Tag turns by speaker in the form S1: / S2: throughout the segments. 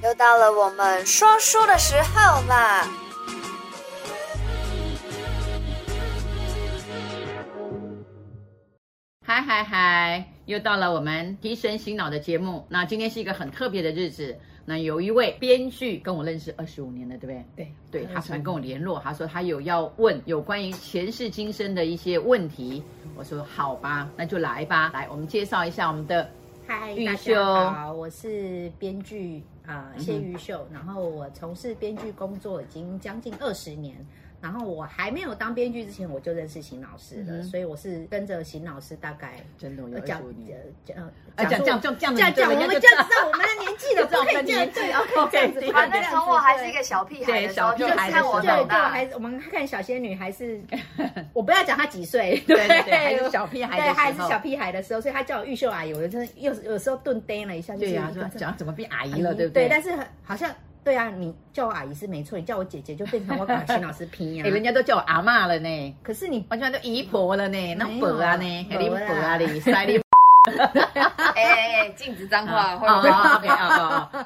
S1: 又
S2: 到
S1: 了我們說書的時候啦！嗨嗨嗨！又到了我們提神醒腦的節目。那今天是一個很特別的日子，那有一位編劇跟我認識二十五年了，對不對？對誒對，他喜歡跟我聯絡，他說他有要問有關於前世今生的一些問題。我說好吧，那就來吧。來，我們介紹一下我們的嗨，育
S2: 秀好，我是編劇。啊，uh, 謝育秀，嗯、哼然後我從事編劇工作已經將近二十年。然後我還沒有當編劇之前，我就認識邢老師了，所以我是跟着邢老師大概我講講講講講講，我們就知道我們的年紀的。不可以這樣，對，不可以這樣子。從我還是一個小屁孩的時候，就看我長大。孩子，我們看小仙女還是我不要講她幾歲，對，還是小屁孩，對，還是小屁孩的時候，所以她叫我育秀阿姨，我真的又有時候頓呆了一下，就是講怎麼變阿姨了，對不對？對，但是好像。對啊，你叫我阿姨是沒錯，你叫我姐姐就變成我感新老師拼啊！人家
S1: 都叫我阿嬤了呢，可是你完全都姨婆了呢，那伯啊呢，什麼啊的，什麼哈哈
S2: 哈哈！哎哎，禁止髒話，好好好，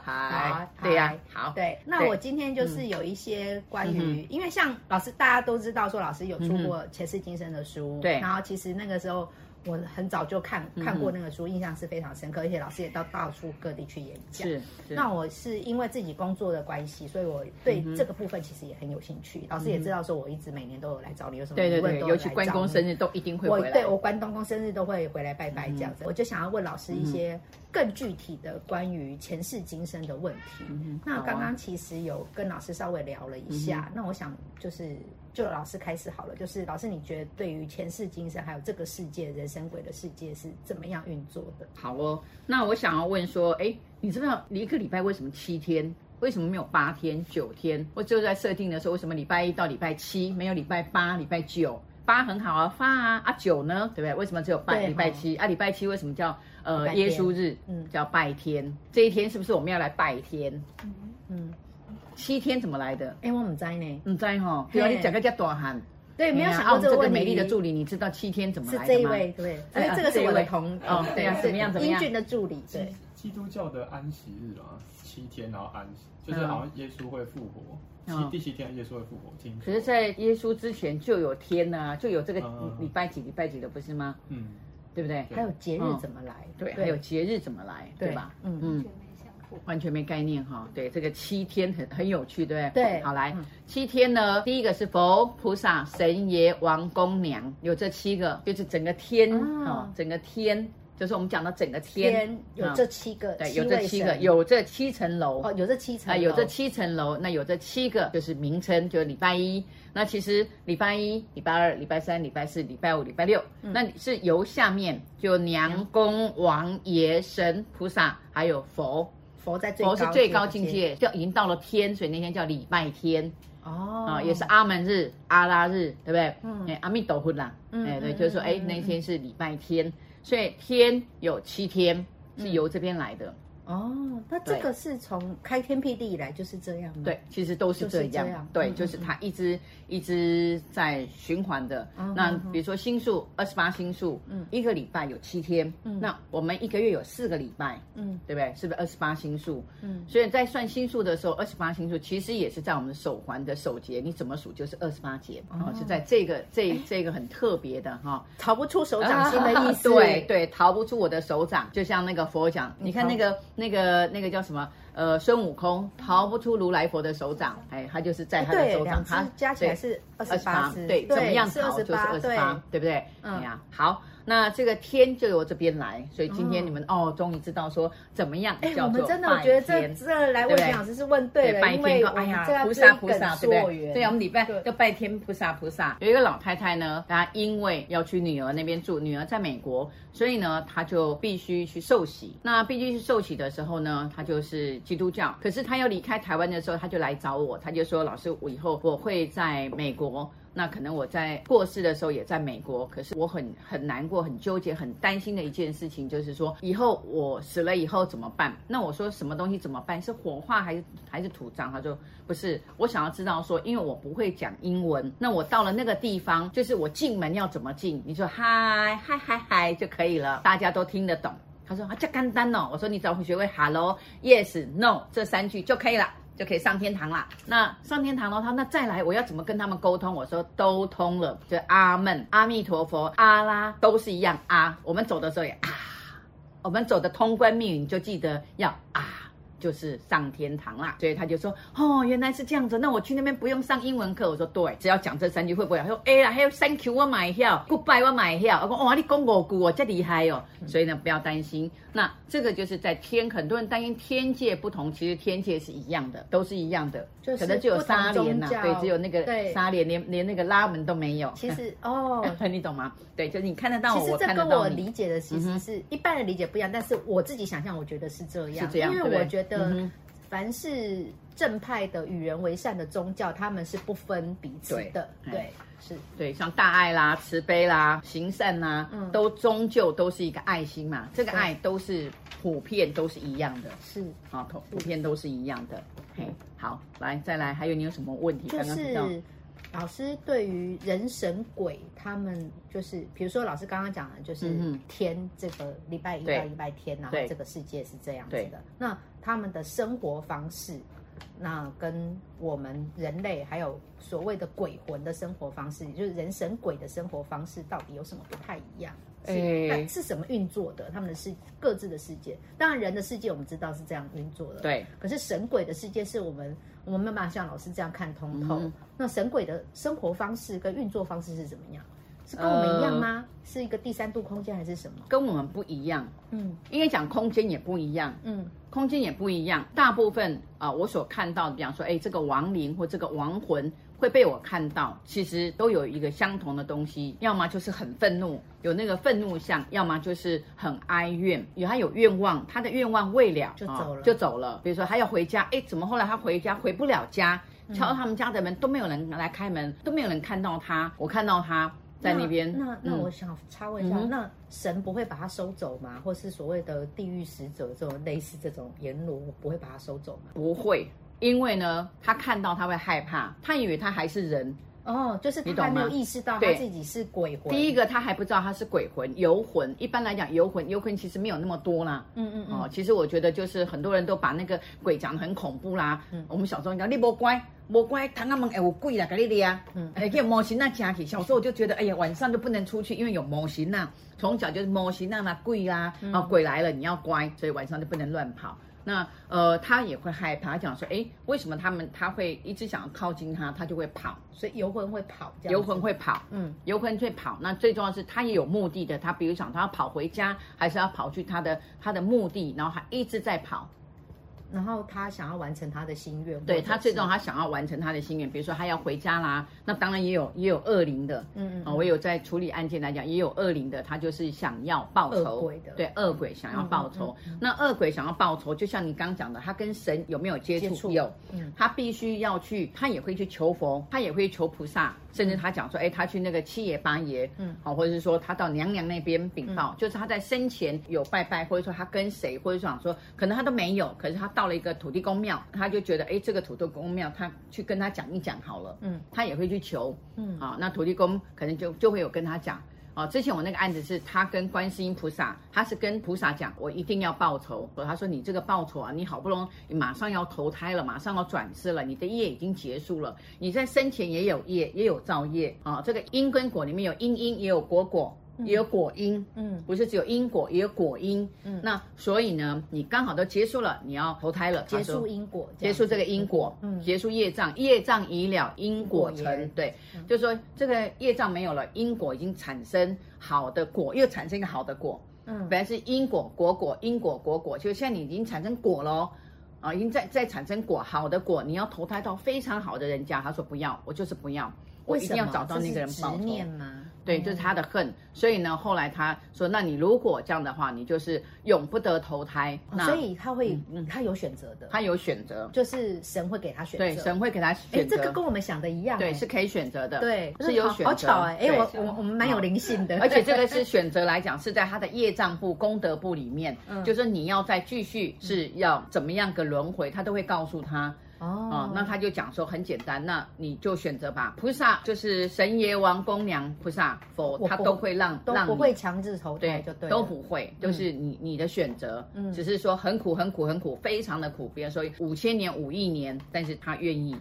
S2: 好對呀，好，對，那我今天就是有一些關於，因為像老師大家都知道說，老師有出過前世今生的書，對，然後其實那個時候。我很早就看看過那個書，印象是非常深刻，嗯、哼而且老師也到到處各地去演講。是是，那我是因為自己工作的關係，所以我對這個部分其實也很有興趣。嗯、哼老師也知道說，我一直每年都有來找你，有什麼疑問，都有來找你。對對對，尤其關公生日都一定會回來，我對我關東公生日都會回來拜拜這樣子。嗯、哼我就想要問老師一些更具體的關於前世今生的問題。嗯啊、那剛剛其實有跟老師稍微聊了一下，嗯、哼那我想就是。就老師開始好了，就是老師，你覺得對於前世今生，還有這個世界、人神鬼的世界是怎麼樣運作的？
S1: 好哦，那我想要問說，哎，你知不知道，一個禮拜為什麼七天，為什麼沒有八天、九天？我就在設定的時候，為什麼禮拜一到禮拜七沒有禮拜八、禮拜九？八很好啊，八啊九呢，對不對？為什麼只有拜禮拜七？哦、啊，禮拜七為什麼叫呃耶穌日？嗯，叫拜天，嗯、這一天是不是我們要來拜天？嗯七天怎麼來的？哎，我不知呢，不知哈。對啊，你講個叫短涵。
S2: 對，沒有想過這個問題，這個美麗的助
S1: 理，你知道七天怎麼來的嗎？是這一位，對，
S2: 哎這個是我的同，哦，對啊，怎麼樣？怎麼樣？英俊的助理，對，基督教的安息日啊，七天，然後安息，就是好像耶穌會復活，是第七天耶穌會復活？今可是，在
S1: 耶穌之前就有天吶，就有這個禮拜幾禮拜幾的，不是嗎？
S2: 嗯，
S1: 對不對？還有節日怎麼來？對，還有節日怎麼來？對吧？嗯嗯。完全沒概念哈、哦，對這個七天很很有趣，對不對？對，好來七天呢，第一個是佛菩薩、神爺、王公娘，有這七個，就是整個天、啊哦、整個天，就是我們講的整個天，天有這
S2: 七個，嗯、七對，有這七個，有這
S1: 七層樓，哦、有這七層樓、啊，有這七層樓，那有這七個就是名稱，就是禮拜一，那其實禮拜一、禮拜二、禮拜三、禮拜四、禮拜五、禮拜六，嗯、那是由下面就娘，娘公、王爺、神菩薩，還有佛。佛在最佛是最高境界，天，就已經到了天，所以那天叫禮拜天哦、啊，也是阿門日、阿拉日，對不對？嗯、欸，阿彌陀佛啦，嗯，嗯，嗯，嗯、欸，對，就是說，哎、欸，那天是禮拜天，嗯嗯嗯，所以天有七天，是由這邊來的。嗯
S2: 哦，那這個是從開天闢地以來就是這樣嗎？對，其實都是這樣。對，就是
S1: 它一直一直在循環的。那比如說星宿，二十八星宿，一個禮拜有七天，那我們一個月有四個禮拜，嗯，對不對？是不是二十八星宿？嗯，所以在算星宿的時候，二十八星宿其實也是在我們手環的手節，你怎麼數就是二十八節，然後是在這個這這個很特別的哈，逃不出手掌心的意思。對對，逃不出我的手掌，就像那個佛講，你看那個。那個那個叫什麼？呃，孫悟空逃不出如來佛的手掌，嗯、哎，他就是在他的手掌，哎、對他加起來是二十八，對，怎麼樣逃就是二十八，對不對？嗯、哎，好。那這個天就由這邊來，所以今天你們哦，哦，終於知道說怎麼樣，叫做拜天。哎，我們真的我覺得這、這、這來問老師是問對了，因為說哎呀，菩薩菩薩對不對？對呀，對對對我們禮拜要拜天菩薩菩薩。對有一個老太太呢，她因為要去女兒那邊住，女兒在美國，所以呢，她就必須去受洗。那必須去受洗的時候呢，她就是基督教，可是她要離開台灣的時候，她就來找我，她就說：“老師，我以後我會在美國。”那可能我在過世的時候也在美國，可是我很很難過、很糾結、很擔心的一件事情就是說，以後我死了以後怎麼辦？那我說什麼東西怎麼辦？是火化還是還是土葬？他說不是，我想要知道說，因為我不會講英文，那我到了那個地方，就是我進門要怎麼進？你說嗨嗨嗨嗨，嗨就可以了，大家都聽得懂。他說啊，這簡單哦。我說你只要學會哈嘍 yes、no 這三句就可以了，就可以上天堂了。那上天堂了，他那再來，我要怎麼跟他們溝通？我說都通了，就阿門、阿彌陀佛、阿拉都是一樣啊。我們走的時候也啊，我們走的通關命運就記得要啊。就是上天堂啦，所以他就說哦，原來是這樣子，那我去那邊不用上英文課。我說對，只要講這三句會不會？他說哎呀，還有 Thank you，我買票，Goodbye，我買票。我說哇，你講我古哦，真厲害哦。所以呢，不要擔心。那這個就是在天，很多人擔心天界不同，其實天界是一樣的，都是一樣的，可能只有紗簾吶，對，只有那個紗簾，連連那個拉門都沒有。其實哦，你懂嗎？對，就是你看得到，我看得到你。其實
S2: 這跟我理解的，其實是一般人理解不一樣，但是我自己想象，我覺得是這樣，因為我覺得。嗯、凡是正派的、與人為善的宗教，他們是不分彼此的。對，對是
S1: 對，像大愛啦、慈悲啦、行善啦，嗯、都終究都是一個愛心嘛。是這個愛都是普遍，都是一樣的。是啊，普遍都是一樣的。嘿，好，來再來，還有你有什麼問題？就是、剛剛提到。
S2: 老師對於人神鬼，他們就是，比如說老師剛剛講的，就是天、嗯、哼這個禮拜一到禮拜天，啊對，然後這個世界是這樣子的。那他們的生活方式，那跟我們人類還有所謂的鬼魂的生活方式，就是人神鬼的生活方式，到底有什麼不太一樣？那是，是什麼運作的？他們的世各自的世界，當然人的世界我們知道是這樣運作的。對，可是神鬼的世界是我們我們沒辦法像老師這樣看通透。嗯。那神鬼的生活方式跟運作方式是怎麼樣？是跟我們一樣嗎？呃、是一個第三度空間還是什
S1: 麼？跟我們不一樣。嗯，因為講空間也不一樣。嗯，空間也不一樣。大部分啊、呃，我所看到的，比方說，哎，這個亡靈或這個亡魂會被我看到，其實都有一個相同的東西，要麼就是很憤怒，有那個憤怒像，要麼就是很哀怨，有他有願望，他的願望未了就走了，哦，就走了。比如說，他要回家，哎，怎麼後來他回家回不了家？嗯，敲他們家的門都沒有人來開門，都沒有人看到他。我看到他。在那邊，那那我想
S2: 插問一下，嗯、那神不會把他收走嗎？嗯、或是所謂的地獄使者這種類似這種閻羅不會把他收走嗎？不會，
S1: 因為呢，他看到他會害怕，他以為他還是人。哦，就是他還沒有意識到他自己
S2: 是鬼魂。第一
S1: 個，他還不知道他是鬼魂遊魂。一般來講，遊魂遊魂其實沒有那麼多啦。嗯嗯嗯。哦，其實我覺得就是很多人都把那個鬼講得很恐怖啦。嗯。我們小時候講那波乖。魔怪，他那門哎，我跪了，咖你，嗯，的呀，哎叫魔神仔家起，小時候我就覺得，哎呀，晚上就不能出去，因為有魔神仔，從小就是魔神仔，那鬼啦，鬼啊，嗯、鬼來了你要乖，所以晚上就不能亂跑。那呃，他也會害怕。他講說，哎，為什麼他們他會一直想要靠近他，他就會跑。所以遊魂會跑，這樣遊魂會跑，嗯，遊魂會跑。那最重要是，他也有目的的。他比如想，他要跑回家，還是要跑去他的他的目的，然後還一直在跑。
S2: 然後他想要完成他的心願，對，他最終他
S1: 想要完成他的心願，比如說他要回家啦，那當然也有也有惡靈的，
S2: 嗯嗯、哦，我有
S1: 在處理案件來講也有惡靈的，他就是想要報仇，惡對，惡鬼想要報仇。嗯嗯嗯嗯，那惡鬼想要報仇，就像你剛剛講的，他跟神有沒有接觸？接觸有，他必須要去，他也會去求佛，他也會去求菩薩，甚至他講說，嗯、哎，他去那個七爺八爺，嗯，好、哦，或者是說他到娘娘那邊稟報，嗯、就是他在生前有拜拜，或者說他跟誰，或者說想說可能他都沒有，可是他到。到了一個土地公廟，他就覺得，哎，這個土地公廟，他去跟他講一講好了，嗯，他也會去求，嗯、啊，那土地公可能就就會有跟他講，哦、啊，之前我那個案子是他跟觀世音菩薩，他是跟菩薩講，我一定要報仇，他說你這個報仇啊，你好不容易，你馬上要投胎了，馬上要轉世了，你的業已經結束了，你在生前也有業也有造業啊，這個因跟果裡面有因因也有果果，也有果因，嗯，不是只有因果，也有果因，嗯，那所以呢，你剛好都結束了，你要投胎了，結束因
S2: 果，結束這個因果，嗯，
S1: 結束業障，業障已了，因果成，嗯哦、對，嗯、就是說這個業障沒有了，因果已經產生好的果，又產生一個好的果，嗯，本來是因果果果，因果果果，就是現在你已經產生果咯。啊，已經在在產生果，好的果，你要投胎到非常好的人家，他說不要，我就是不要，我一定要找到那個人，執念嗎？對，就是他的恨，所以呢，後來他說：“那你如果這樣的話，你就是永不得投胎。”那所以他會，他有選擇的，他有選擇，
S2: 就是神會給他選擇，對，神會給他選擇。哎，這個跟我們想的一樣，對，是可以選擇的，對，是有選擇。好巧哎，哎，我我我們蠻有靈性的，而且這個是
S1: 選擇來講，是在他的業障部、功德部裡面，就是你要再繼續是要怎麼樣個輪迴，他都會告訴他。哦，那他就講說很簡單，那你就選擇吧。菩薩就是神爺、王公娘、娘菩薩、佛，他都會讓，讓你都不會
S2: 強制抽，對就對，都不
S1: 會，就是你、嗯、你的選擇。嗯，只是說很苦，很苦，很苦，非常的苦，比如說五千年、五億年，但是他願意。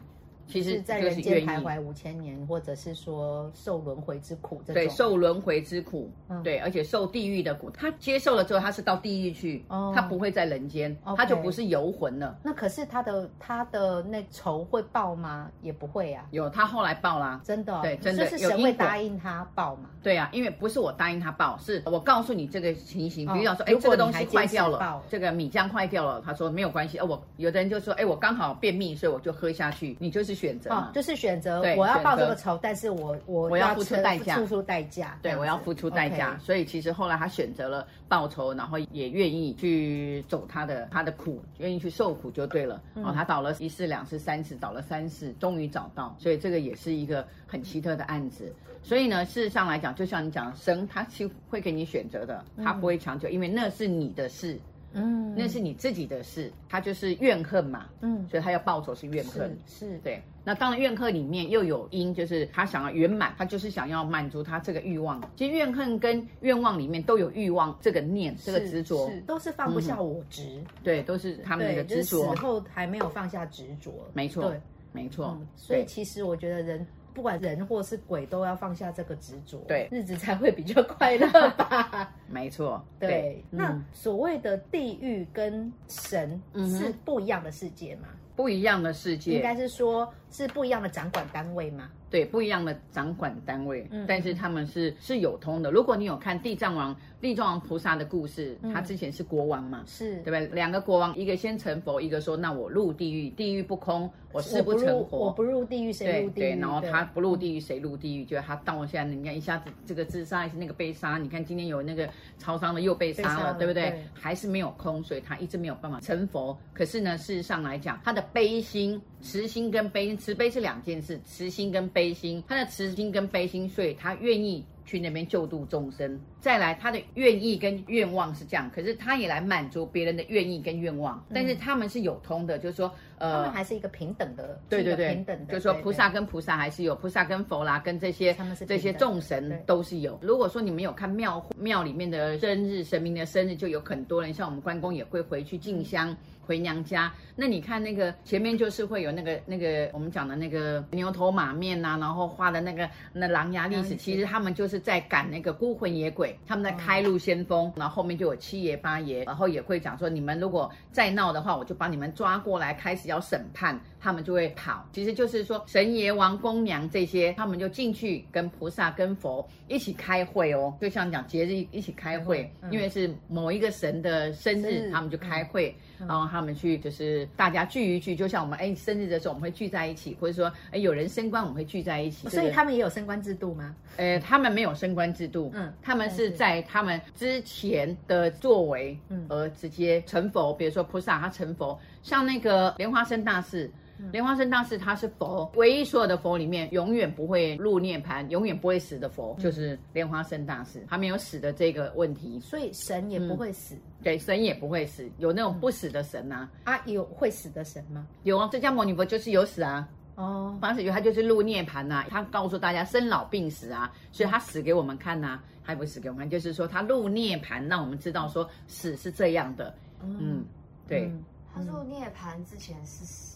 S1: 其實在人間徘徊
S2: 五千年，或者是
S1: 說受輪回之苦，對，受輪回之苦，對，而且受地獄的苦。他接受了之後，他是到地獄去，他不會在人間，他就不是
S2: 遊魂了。那可是他的他的那仇會報嗎？也不會啊。有他後來報啦。真的，對，真的是。神會答應他報嗎？對
S1: 啊，因為不是我答應他報，是我告訴你這個情形。比如說，說，哎，這個東西壞掉了，這個米漿壞掉了，他說沒有關係。哦，我有的人就說，哎，我剛好便秘，所以我就喝下去。你就是。選擇、哦，就是
S2: 選擇我要報這個仇，但是我我我要付出代價，付出代價，對我要付出代價，
S1: 所以其實後來他選擇了報仇，然後也願意去走他的他的苦，願意去受苦就對了。嗯、哦，他倒了一世、兩世、三世，找了三世，終於找到，所以這個也是一個很奇特的案子。嗯、所以呢，事實上來講，就像你講的，神他其實給你選擇的，他不會強求，嗯、因為那是你的事。嗯，那是你自己的事，他就是怨恨嘛，嗯，所以他要報仇是怨恨，是，是，對。那當然怨恨裡面又有因，就是他想要圓滿，他就是想要滿足他這個慾望。其實怨恨跟願望裡面都有慾望這個念，是這個執着是是，都是放不下我執，嗯、對，都是他們的執着，時候、
S2: 就是、還沒有放下執着，沒錯，
S1: 對沒錯對、嗯。
S2: 所以其實我覺得人。不管人或是鬼，都要放下這個執着，對，日子才會比較快樂吧。
S1: 沒錯錯，對。對，嗯、那
S2: 所謂的地獄跟神是不一樣的世界嗎？嗯
S1: 不一樣的世界，應該是
S2: 說，是不一樣的掌管單位嗎？
S1: 對，不一樣的掌管單位，嗯、但是他們是是有通的。如果你有看地藏王、地藏王菩薩的故事，嗯、他之前是國王嘛，是對不對？兩個國王，一個先成佛，一個說那我入地獄，地獄不空，我誓不成佛我不。我不入地獄誰入地獄？對，然後他不入地獄誰對入地獄？就他到現在，你看一下子這個自殺，一下那個被殺，你看今天有那個超商的又被殺、哦、了，對不對？對，還是沒有空，所以他一直沒有辦法成佛。對可是呢，事實上來講，他的。悲心、慈心跟悲心，慈悲是兩件事，慈心跟悲心，他的慈心跟悲心，所以他願意去那邊救度眾生。再來，他的願意跟願望是這樣，可是他也來滿足別人的願意跟願望。嗯，但是他們是有通的，就是說，呃，他們還是一個平等的，對對對，平等的，就是說，菩薩跟菩薩還是有，對對菩薩跟佛啦，跟這些，他們是，這些眾神都是有。對如果說你們有看廟，廟裡面的生日，神明的生日，就有很多人，像我們關公也會回去進香。嗯回娘家，那你看那個前面就是會有那個那個我們講的那個牛頭馬面吶、啊，然後畫的那個那狼牙歷史，其實他們就是在趕那個孤魂野鬼，他們在開路先鋒。哦、然後後面就有七爺八爺，然後也會講說，你們如果再鬧的話，我就把你們抓過來開始要審判，他們就會跑。其實就是說神爺王、王公娘這些，他們就進去跟菩薩、跟佛一起開會哦，就像講節日一起開會，嗯、因為是某一個神的生日，是他們就開會。然後他們去就是大家聚一聚，就像我們哎生日的時候，我們會聚在一起，或者說哎有人升官我們會聚在一起。對對，所以他
S2: 們也有升官制度嗎？
S1: 呃，他們沒有升官制度，嗯，他們是在他們之前的作為嗯，而直接成佛，嗯、比如說菩薩他成佛，像那個蓮花生大士。蓮花生大師他是佛，唯一所有的佛裡面永遠不會入涅槃，永遠不會死的佛，嗯、就是蓮花生大師他沒有死的這個問題。所以神也不會死，嗯，對，神也不會死，有那種不死的神啊，嗯、啊有會死的神嗎？有啊，釋迦牟尼佛就是有死啊，哦，凡是有他就是入涅槃呐，啊，他告訴大家生老病死啊，所以他死給我們看吶，啊，他、嗯、不死給我們看，就是說他入涅槃，讓我們知道說死是這樣的。
S2: 嗯，嗯，對，嗯、他入涅槃之前是。死。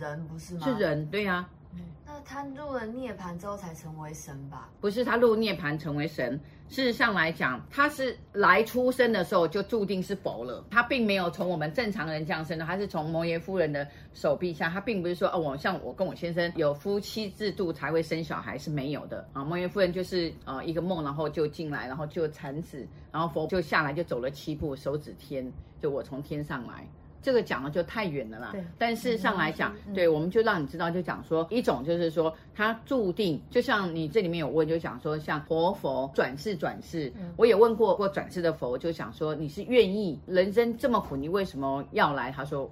S2: 人不是嗎？是人，對呀、啊。嗯，那他入了涅槃之後才成
S1: 為神吧？不是，他入涅槃成為神。事實上來講，他是來出生的時候就注定是佛了。他並沒有從我們正常人降生的，他是從摩耶夫人的手臂下。他並不是說哦，我像我跟我先生有夫妻制度才會生小孩，是沒有的啊。摩耶夫人就是呃一個夢，然後就進來，然後就產子，然後佛就下來就走了七步，手指天，就我從天上來。這個講了就太遠了啦，對。但是上來講，嗯、對，我們就讓你知道，就講說、嗯、一種就是說，他注定就像你這裡面有問，就講說像活佛，佛轉世轉世，嗯、我也問過過轉世的佛，就想說，你是願意人生這麼苦，你為什麼要來？他說，哦、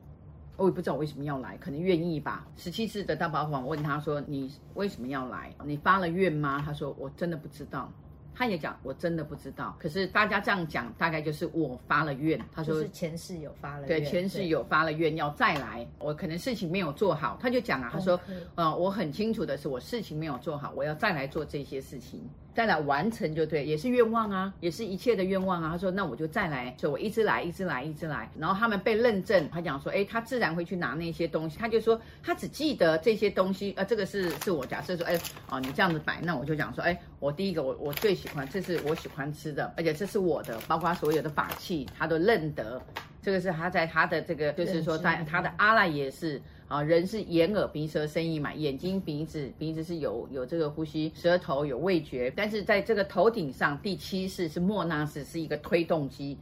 S1: 我也不知道我為什麼要來，可能願意吧。十七世的大寶法王問他說，你為什麼要來？你發了願嗎？他說，我真的不知道。他也講，我真的不知道。可是大家這樣講，大概就是我發了願。他說，就是前
S2: 世有發了願，對，前世有
S1: 發了願要再來。我可能事情沒有做好，他就講啊，他說，哦、呃，我很清楚的是我事情沒有做好，我要再來做這些事情。再來完成就對，也是願望啊，也是一切的願望啊。他說，那我就再來，所以我一直來，一直來，一直來。然後他們被認證，他講說，哎，他自然會去拿那些東西。他就說，他只記得這些東西，呃，這個是是我假設說，哎，哦，你這樣子擺，那我就講說，哎，我第一個，我我最喜歡，這是我喜歡吃的，而且這是我的，包括所有的法器，他都認得。這個是他在他的這個，就是說在他的阿賴耶識。啊，人是眼耳鼻舌身意嘛，眼睛、鼻子、鼻子是有有這個呼吸，舌頭有味覺，但是在這個頭頂上，第七識是末那識，是一個推動機。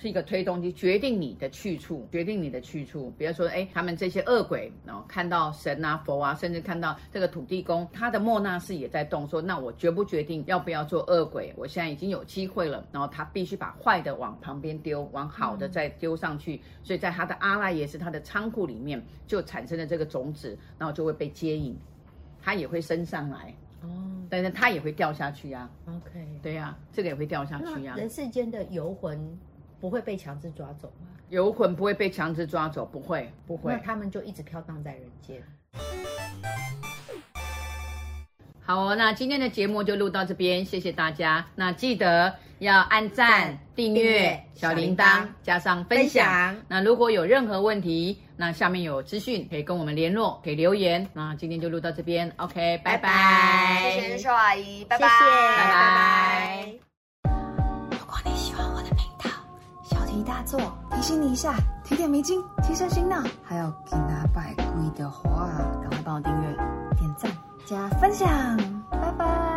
S1: 是一個推動機，決定你的去處，決定你的去處。比如說，誒，他們這些惡鬼，然後看到神啊、佛啊，甚至看到這個土地公，他的末那識也在動，說：那我決不決定要不要做惡鬼。我現在已經有機會了，然後他必須把壞的往旁邊丟，往好的再丟上去。所以在他的阿賴耶是他的倉庫裡面，就產生了這個種子，然後就會被接引，他也會升上來哦，但是他也會掉下去呀。OK，對呀、啊，這個也會掉下去呀、啊。人
S2: 世間的遊魂。不會被強制抓走
S1: 嗎？遊魂不會被強制抓走，不會，不會。那他們就一直飄盪在人間。好哦，那今天的節目就錄到這邊，謝謝大家。那記得要按讚、訂閱、小鈴鐺，加上分享。那如果有任何問題，那下面有資訊可以跟我們聯絡，可以留言。那今天就錄到這邊，OK，拜拜。謝
S2: 謝秀阿姨，拜拜，拜拜。大作，提醒你一下，提點迷津，提升心腦，還有今啊拜鬼的話，趕快幫我訂閱、點贊、加分享，拜
S1: 拜。